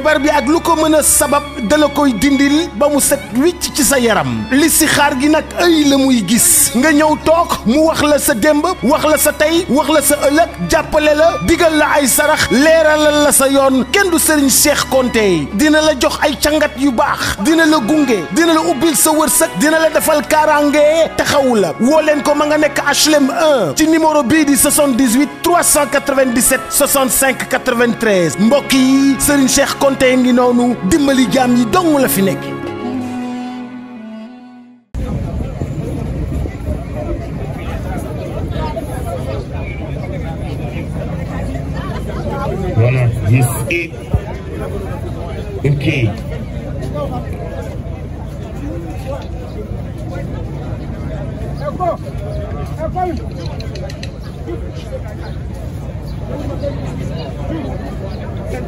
feebar bi ak lu ko mën a sabab dala koy dindil ba mu set wicc ci sa yaram li si xaar gi nag ay la muy gis nga ñëw toog mu wax la sa démb wax la sa tey wax la sa ëllëg jàppale la digal la ay sarax leeralal la sa yoon kenn du sëriñ Cheikh Konte dina la jox ay cangat yu baax dina la gunge dina la ubbil sa wërsëg dina la defal kaaraange taxawu la woo leen ko ma nga nekk HLM 1 ci numéro bii di 78 397 65 93 mbokk yi Serigne Cheikh Konte ngi noonu dimbali jaam yi dong la fi nekk.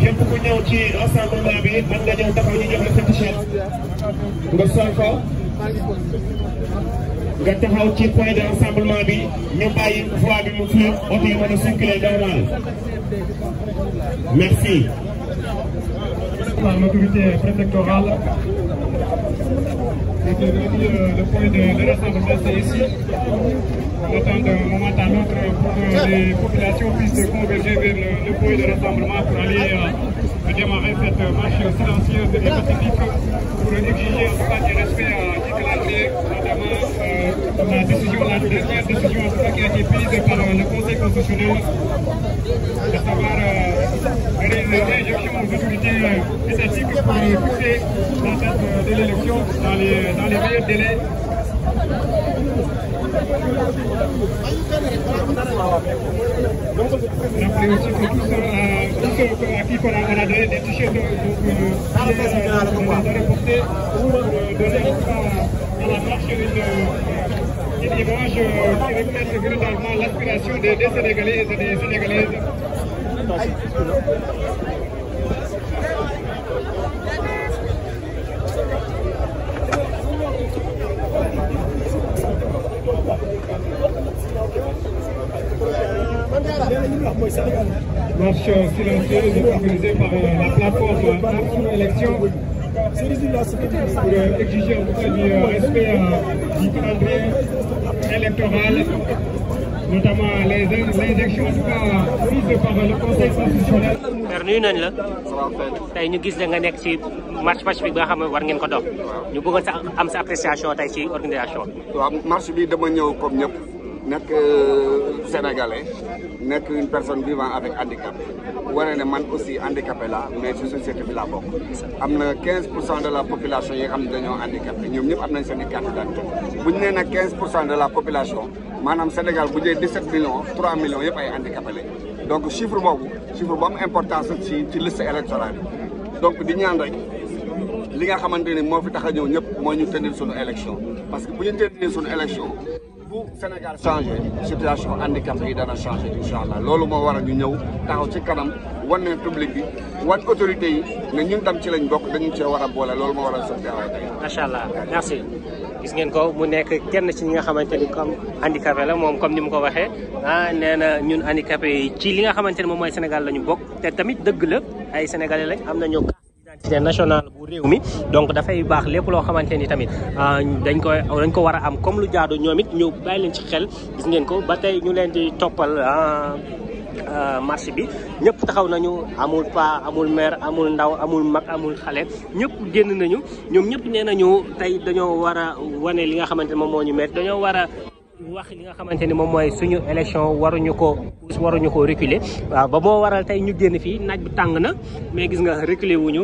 képp ku ñëw ci rassemblement bi man nga ñëw taxaw ñu jox la sa t-shirt ko nga taxaw ci point de rassemblement bi ñu bàyyi voie bi mu fleuve oto yi mën a circuler normal merci. par l'autorité Donc le point de, de rassemblement, c'est ici. On attend d'un moment à l'autre pour que les populations puissent converger vers le, le point de rassemblement pour aller euh, démarrer cette marche silencieuse et pacifique pour exiger en tout cas du respect à Dick Larmier, notamment euh, la décision, la dernière décision en tout cas qui a été prise par le Conseil constitutionnel, de savoir euh, des élections aux autorités étatiques pour les pousser la date de l'élection dans les, dans les meilleurs délais. Rappelez aussi que tous ceux à qui on a donné des t-shirts de reporter ou donner à la marche une, une image qui reflète véritablement l'aspiration des, des Sénégalais et des Marche silencieuse organisée par euh, la plateforme Action Élection pour euh, exiger en tout cas du euh, respect du calendrier électoral notamment les les actions nañ la. tey ñu gis la nga nekk ci marche pacifique bi nga xam war ngeen ko dox. ñu bëggoon sa am sa appréciation tey ci organisation bi. waaw marche bi dama ñëw comme ñëpp. nekk euh, sénégalais nekk une personne vivant avec handicap wane ne man aussi handicapé la mais ci société bi laa bokk. am na de la population yi nga xam ne dañoo handicapé ñoom ñëpp am nañ seen i bu ñu nee pour cent de la population maanaam Sénégal bu jëlee 17 millions 3 millions yëpp ay handicapé lañ donc chiffre boobu chiffre bu am importance ci ci liste électorale bi donc di ñaan rek. li nga xamante ni moo fi tax a ñëw ñëpp moo ñu tenir sunu élection parce bu Sénégal changé situation handicapé yi dana changé incha allah loolu moo waral ñu ñëw taxaw ci kanam wan ne public bi wan autorité yi ne ñun tam ci lañ bokk dañu cee war a boole loolu moo waral seen teewaay tey. macha allah merci. gis ngeen ko mu nekk kenn ci li nga xamante ni comme handicapé la moom comme ni mu ko waxee ah nee na ñun handicapé yi ci li nga xamante ni moom mooy Sénégal la ñu bokk te tamit dëgg la ay sénégalais lañ am nañu identité nationale bu réew mi donc dafay baax lépp loo xamante ni tamit euh, dañ ko dañ ko war a am comme lu jaadu ñoom it ñu bàyyi leen ci xel gis ngeen ko ba tey ñu leen di toppal euh, euh, marché bi ñëpp taxaw nañu amul pa amul maire amul ndaw amul mag amul xale ñëpp génn nañu ñoom ñëpp nee ñu tey dañoo war a wane li nga xamante ne moom moo ñu met dañoo war a wax li nga xamante ni moom mooy suñu élection waruñu ko waruñu ko réculer waaw ba moo waral tey ñu génn fii naaj bi tàng na mais gis nga reculer wuñu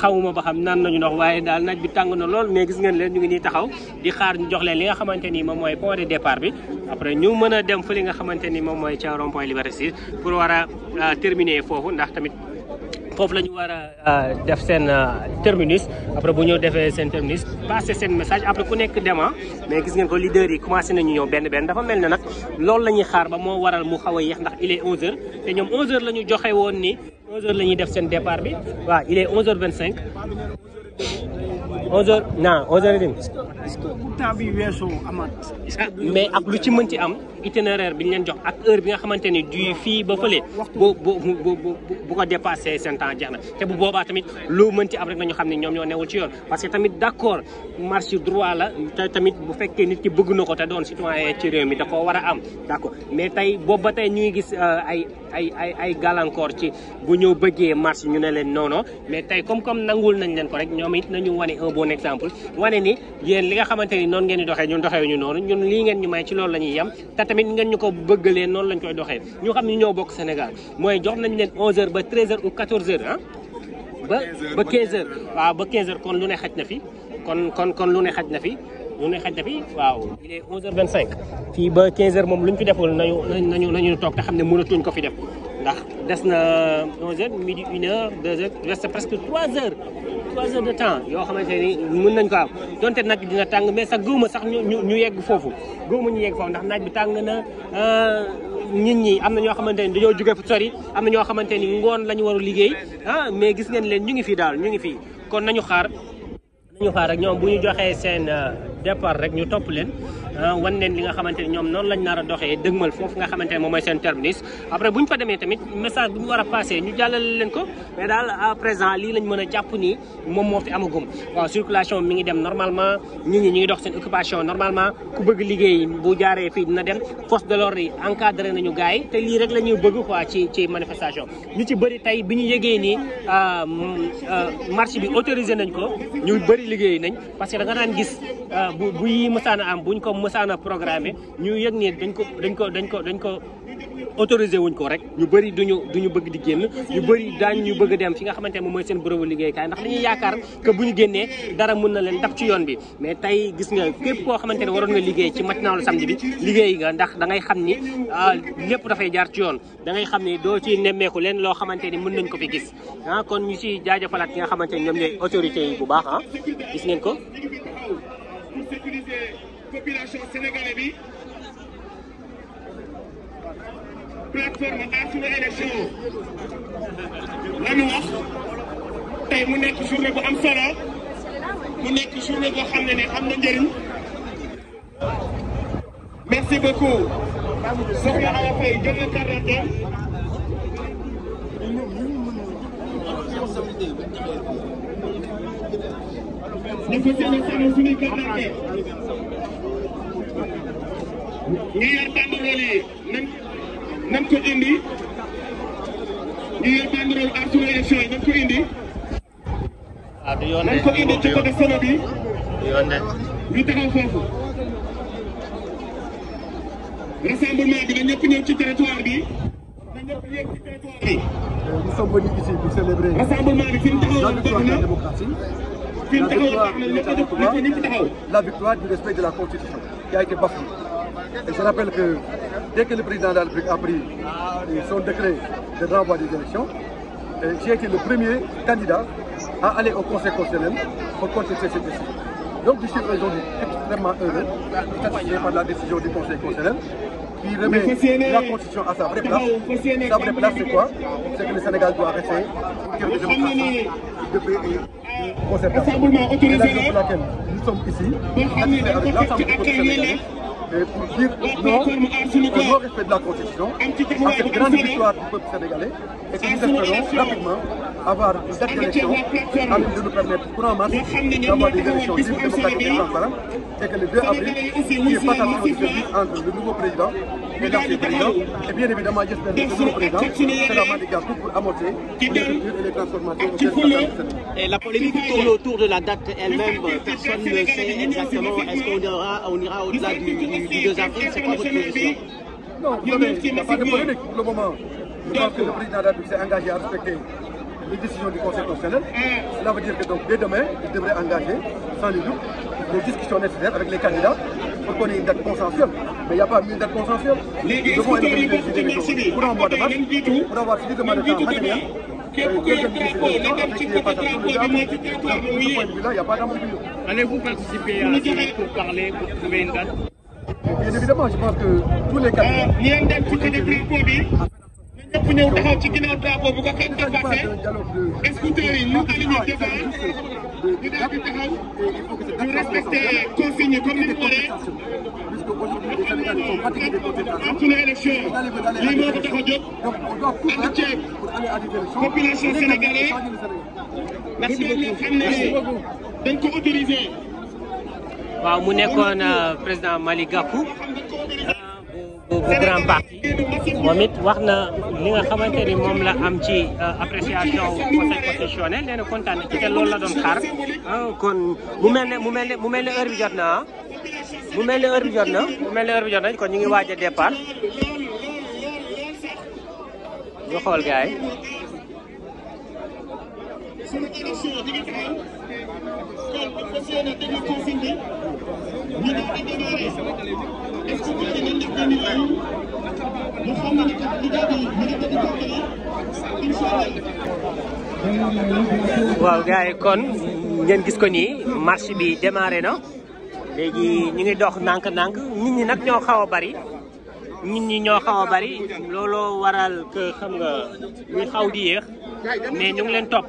xawuma ba xam naan nañu ndox waaye daal naaj bi tàng na lool mais gis ngeen leen ñu ngi nii taxaw di xaar ñu jox leen li nga xamante ni moom mooy point de départ bi a dem fa li nga xamante ni moom mooy ca rond point Liberté 6 pour war a euh, foofu ndax tamit foofu la ñu war a euh, def seen euh, terminus après bu ñu defee seen terminus passé seen message après ku nekk dem ah, mais gis ngeen ko leader yi commencé nañu ñëw benn benn dafa mel ne nag loolu la ñuy xaar ba moo waral mu xaw a yéex ndax il est 11 joxe woon ni. 11h la ñuy def seen départ bi waaw il est 11h25. onze heures non onze heures et demie. est-ce que temps mais ak lu ci mën ci am itinéraire bi ñu leen jox ak heure bi nga xamante ni du fii ba fële. bu bu bu bu ko dépassé seen temps te bu boobaa tamit lu mën ci am rek nañu xam ne ñoom ñoo newul ci yoon. parce que tamit d'accord marche droit la te tamit bu fekkee nit ki bëgg na ko te doon citoyen ci réew mi da koo war a am d'accord mais tey boobu ba tey ñu gis euh, ay ay ay ay gàllankoor ci bu ñëw bëggee marche ñu ne leen non mais tey comme comme nangul nañ leen ko rek ñoom ñoom it nañu wane un bon exemple wane ni yéen li nga xamante ni noonu ngeen di doxee ñun doxee mooy jox nañ leen ba 13 ou 14h ah. ba ba 15 fi ba 15h moom lu fi deful nañu nañu toog te xam ne mënatuñ ko fi def ndax des na 11h midi 1h des presque 3h trois heures de yoo xamante ni mën nañ ko am donte naaj bi dina tàng mais sax ma sax ñu ñu yegg foofu ma ñu yegg foofu ndax naaj bi tàng na euh, nit ñi am na ñoo xamante ni dañoo jóge fu sori am na ñoo xamante ni ngoon la ñu war a liggéey ah mais gis ngeen leen ñu ngi fii daal ñu ngi fii kon nañu xaar nañu xaar rek ñoom bu ñu joxee seen euh, départ rek ñu topp leen Euh, wan leen li nga xamante ne ñoom noonu lañ nar a doxee dëgmal foofu nga xamante ne moom mooy seen terminus après bu ñu fa demee tamit message bu ñu war moo fi amagum waaw mi ngi dem normalement ñu ngi ñu ngi dox seen occupation normalement ku bëgg liggéey bu jaaree fii dina dem force de l'ordre yi encadré nañu gars yi te lii rek la ñuy bëgg quoi ci ci manifestation ñu ci bëri tey bi ñu yëgee ni euh, euh, marché bi autorisé nañ ko ñu bëri liggéey nañ parce que da nga daan gis bu bu yi mësaan am buñ ko mësaan programme programmé ñu yëg ne dañ ko dañ ko dañ ko dañ ko autorisé wuñ ko rek ñu bëri duñu duñu bëgg di génn ñu bëri daañ ñu bëgg dem fi nga xamante ne moom mooy seen bërëbu liggéeykaay ndax dañuy yaakaar que bu ñu génnee dara mën leen dab ci yoon bi mais tey gis nga képp koo xamante ne waroon nga liggéey ci matinalu samedi bi liggéey nga ndax da ngay xam ni ah, lépp dafay jaar ci yoon da ngay xam ni doo ci nemmeeku leen loo xamante ni mën nañ ko fi gis ah kon ñu si jaajëfalaat ki nga xamante ne ñoom ñooy autorités yi bu baax ah gis ngeen ko population sénégalais bi plateforme à sunu élection lañu wax tey mu nekk journée bu am mu nekk journée boo xam ne ne am na njëriñ merci beaucoup soxna Awa Faye jël na carte ñu ko jëlee sama ñi yor banderole yi nañ nañ ko indi ñi yor banderole à sunu élection yi nañ ko indi. ah du yoon nañ ko indi ci côté Sénégal bi. du yoon ñu taxaw foofu. rassemblement bi na ñëpp ñëw ci territoire bi. na ñëpp yéeg ci territoire bi. nous sommes venus ici pour célébrer. rassemblement bi fi ñu taxawoon baax na. fi ñu taxawoon baax na ñëpp ñëpp taxaw. la victoire du respect de la constitution qui a été bafouée. Et je rappelle que dès que le président de a pris euh, son décret de renvoi des élections, euh, j'ai été le premier candidat à aller au Conseil constitutionnel pour contester cette décision. Donc je suis aujourd'hui extrêmement heureux, par la décision du Conseil constitutionnel qui remet la Constitution à sa vraie place. le Sénégal doit rester cœur de démocratie, de pays euh, concertation. C'est la raison pour laquelle nous sommes ici, avec l'ensemble du et pour dire non au non-respect de la Constitution, à cette grande victoire du peuple sénégalais, et que nous espérons avoir une certaine élection avec de nous permettre courant mars d'avoir des élections libres, démocratiques et transparentes et que le 2 avril, qui est passation de entre le nouveau président et l'ancien président, et bien évidemment, j'espère que le nouveau président sera malégal tout pour amorcer les ruptures et les transformations Et la polémique tourne autour de la date elle-même. Personne ne sait exactement est-ce qu'on ira, on ira au-delà du, du, du 2 avril. C'est quoi votre position Non, vous savez, il n'y a pas de polémique pour le moment. Je pense que le président d'Afrique s'est engagé à respecter les décisions du Conseil constitutionnel. Cela veut dire que donc dès demain, il devrait engager, sans le doute, les discussions nécessaires avec les candidats pour qu'on ait une date consensuelle. Mais il n'y a pas une date consensuelle. léegi expliqué li bokk ci marché bi pour avoir leen jiitu leen jiitu demee képp la dem ci côté drapeau bi moo ci drapeau bi mu yéen. Allez-vous participer à ça pour parler, pour trouver une ñëpp ñëw taxaw ci ginnaaw drapeau bu ko kenn dépassé écouteurs yi ñu aligné devant ñu daal di taxaw ñu respecté consigne comme ni mu waree am suñu élection lii moo ko tax a jóg ànd ceeg population sénégalaise bu doon loo xam ne dañ ko autorisé waaw mu nekkoon euh, président Malick Gakou bu grand parti moom it wax na li nga xamante ni moom la am ci euh, appréciation conseil constitutionnel nee na kontaan ci te loolu la doon xaar ah, kon mu mel ne mu mel ne mu mel ne heure bi jot na ah. mu mel ne heure bi jot na mu mel ne heure bi jot na kon ñu ngi waaj a départ ñu xool gaay waaw gars yi kon ngeen gis ko ni marché bi démarré na léegi ñu ngi dox ndànk-ndànk nit ñi nag ñoo xaw a bari nit ñi ñoo xaw a bari looloo waral que xam nga ñu xaw di yéex mais ñu ngi leen topp.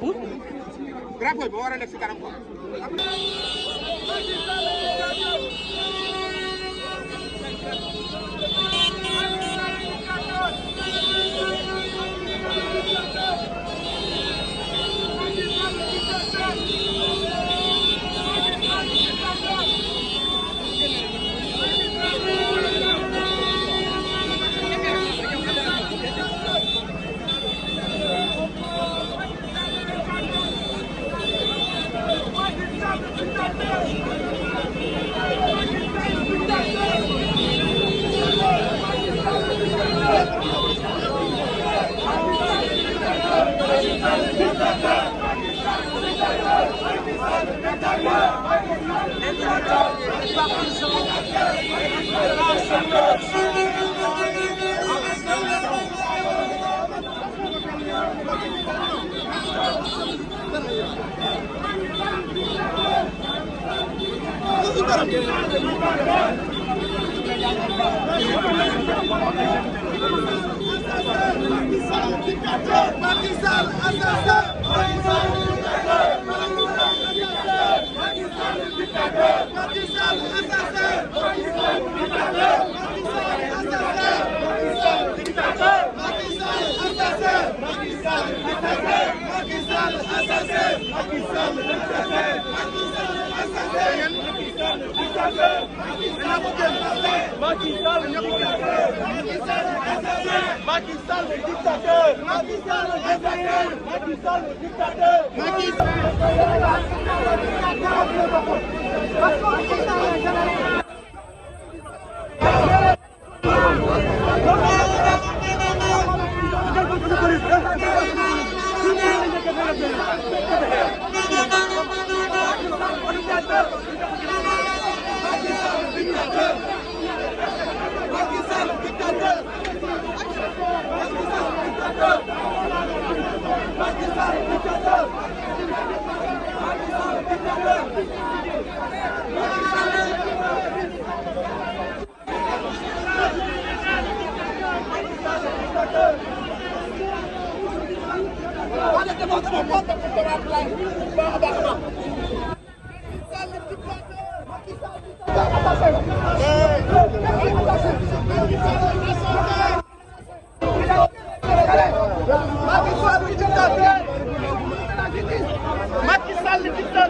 Macky Sall le dictateur Macky Sall le dictateur Macky Sall le dictateur Macky Sall le dictateur Macky Sall le dictateur Macky Sall dictateur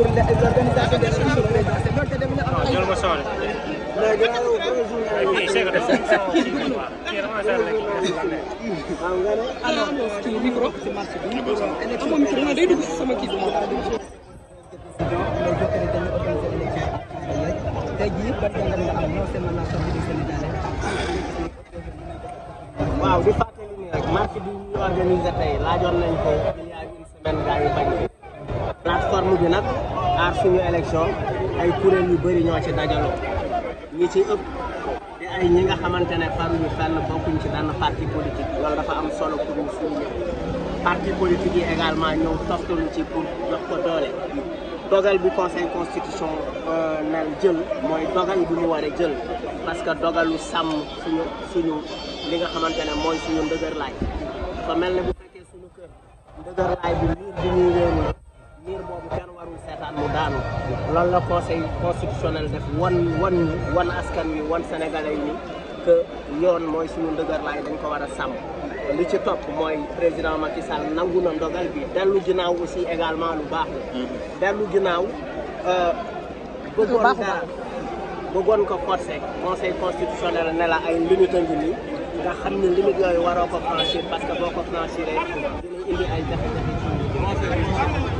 pour l'organisation des élections présidentielles. Donc, c'est devenu un jour. Les gars, bonjour. Alors, ce qui est libre, c'est marche. Et les gens, ils sont là, ils sont là, ils sont là. élection ay kuréel yu bëri ñoo ci dajaloo ñi ci ëpp te ay ñi nga xamante ne faruñu fenn bokkuñ ci benn parti politique loolu dafa am solo pour ñu suñu parti politique yi également ñëw lu ci pour jox ko toole dogal bu conseil constitution nal jël mooy dogal bu mu war jël parce que dogalu sàmm suñu suñu li nga xamante ne mooy suñu ndëgër laay dafa mel ne bu fekkee suñu kër ndëgër laay bi liir bi ñuy diir boobu kenn warul seetaan mu daanu la conseil constitutionnel def wan wan askan wi wan sénégalais yi que yoon mooy suñu ndëgër laay dañ ko war a sàmm li ci topp mooy président Macky Sall nangu na ndogal bi dellu ginnaaw aussi également lu baax la mm-hmm. dellu ginnaaw euh, bëggoon dara bëggoon ko forcé conseil constitutionnel ne la ay limite ngi nii nga xam ne limite yooyu waroo ko franchir parce que boo ko franchiree dina indi ay jafe-jafe ci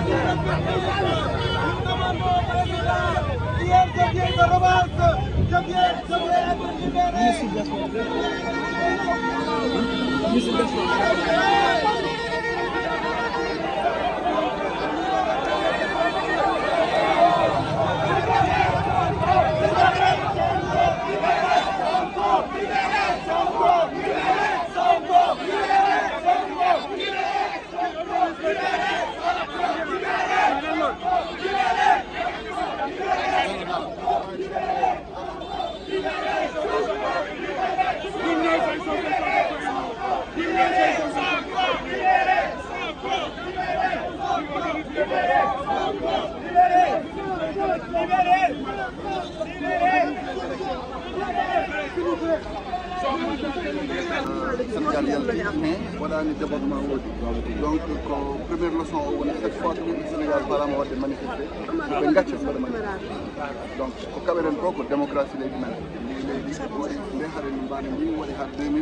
Merci. sant yàlla yàlla tey waɗaani département Wodi donc ko première leçon o woni cette fois to yimɓe sénégal mbaɗaama waɗde manifesté ɓe ngacca mbaɗa manifesté donc ko kaɓeren ko ko démocratie leydi men ndi leydi woni nde hare no mbaano ni waɗi haa 2000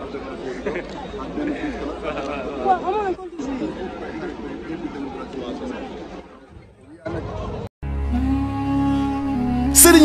ha 2010 ha 2010 kala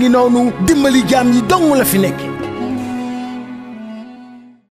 ngi noonu dimbali jaam yi dong la fi nekk